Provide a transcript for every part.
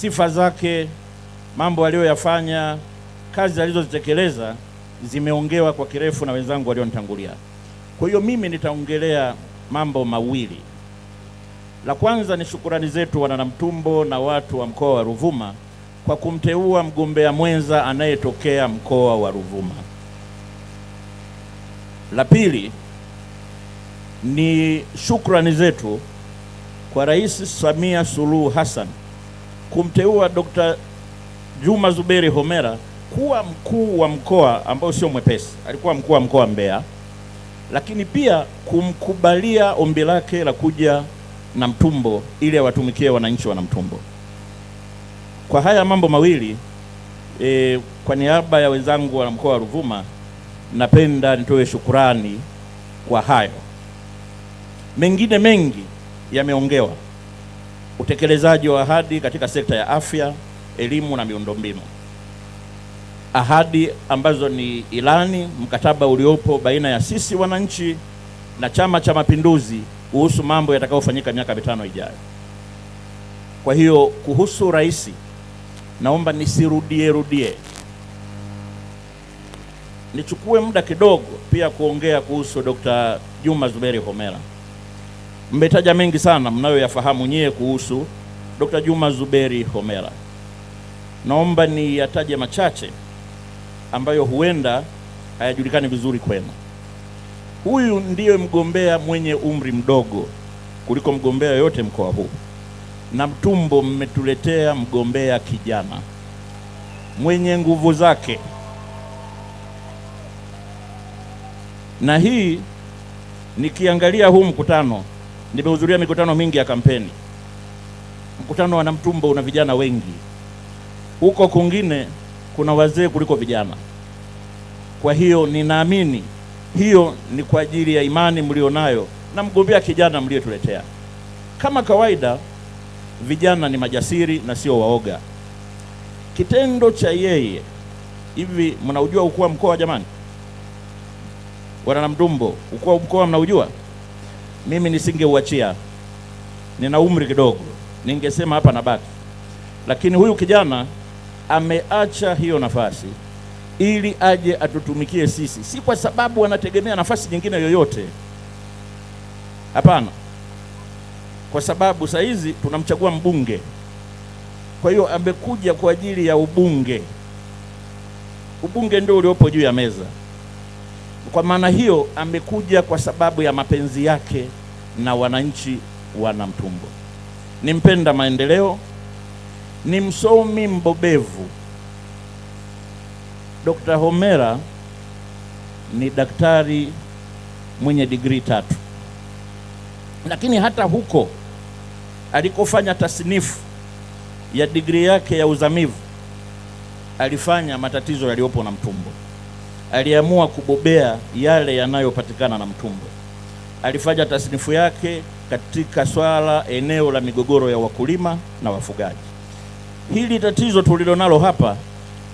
sifa zake, mambo aliyoyafanya, kazi alizozitekeleza zimeongewa kwa kirefu na wenzangu walionitangulia. Kwa hiyo mimi nitaongelea mambo mawili. La kwanza ni shukurani zetu Wananamtumbo na watu wa mkoa wa Ruvuma kwa kumteua mgombea mwenza anayetokea mkoa wa Ruvuma. La pili ni shukrani zetu kwa Rais Samia Suluhu Hassan kumteua Dkt. Juma Zuberi Homera kuwa mkuu wa mkoa ambao sio mwepesi, alikuwa mkuu wa mkoa Mbeya, lakini pia kumkubalia ombi lake la kuja na Mtumbo ili awatumikie wananchi wa Namtumbo. Kwa haya mambo mawili e, kwa niaba ya wenzangu wa mkoa wa Ruvuma napenda nitoe shukurani kwa hayo. Mengine mengi yameongewa utekelezaji wa ahadi katika sekta ya afya, elimu na miundombinu. Ahadi ambazo ni ilani, mkataba uliopo baina ya sisi wananchi na Chama cha Mapinduzi kuhusu mambo yatakayofanyika miaka mitano ijayo. Kwa hiyo kuhusu rais, naomba nisirudie rudie, nichukue muda kidogo pia kuongea kuhusu Dr. Juma Zuberi Homera. Mmetaja mengi sana mnayoyafahamu nyie kuhusu Dr. Juma Zuberi Homera. Naomba ni yataje machache ambayo huenda hayajulikani vizuri kwenu. Huyu ndiye mgombea mwenye umri mdogo kuliko mgombea yote mkoa huu, na mtumbo mmetuletea mgombea kijana mwenye nguvu zake, na hii nikiangalia huu mkutano Nimehudhuria mikutano mingi ya kampeni. Mkutano wa Namtumbo una vijana wengi, huko kwingine kuna wazee kuliko vijana. Kwa hiyo ninaamini hiyo ni kwa ajili ya imani mlionayo na mgombea kijana mliotuletea. Kama kawaida, vijana ni majasiri na sio waoga. Kitendo cha yeye hivi, mnaujua ukuu wa mkoa jamani? Wana Namtumbo, ukuu wa mkoa mnaujua? mimi nisingeuachia, nina umri kidogo, ningesema hapa na baki, lakini huyu kijana ameacha hiyo nafasi ili aje atutumikie sisi, si kwa sababu anategemea nafasi nyingine yoyote. Hapana, kwa sababu saa hizi tunamchagua mbunge, kwa hiyo amekuja kwa ajili ya ubunge. Ubunge ndio uliopo juu ya meza. Kwa maana hiyo amekuja kwa sababu ya mapenzi yake na wananchi wa Namtumbo. Ni mpenda maendeleo, ni msomi mbobevu. Dr. Homera ni daktari mwenye digrii tatu, lakini hata huko alikofanya tasnifu ya digrii yake ya uzamivu alifanya matatizo yaliyopo Namtumbo aliamua kubobea yale yanayopatikana na Mtumbo. Alifanya tasnifu yake katika swala eneo la migogoro ya wakulima na wafugaji. Hili tatizo tulilonalo hapa,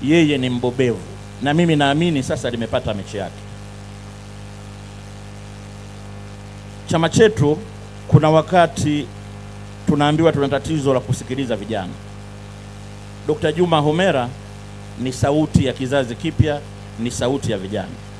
yeye ni mbobevu, na mimi naamini sasa limepata mechi yake. Chama chetu kuna wakati tunaambiwa tuna tatizo la kusikiliza vijana. Dr. Juma Homera ni sauti ya kizazi kipya ni sauti ya vijana.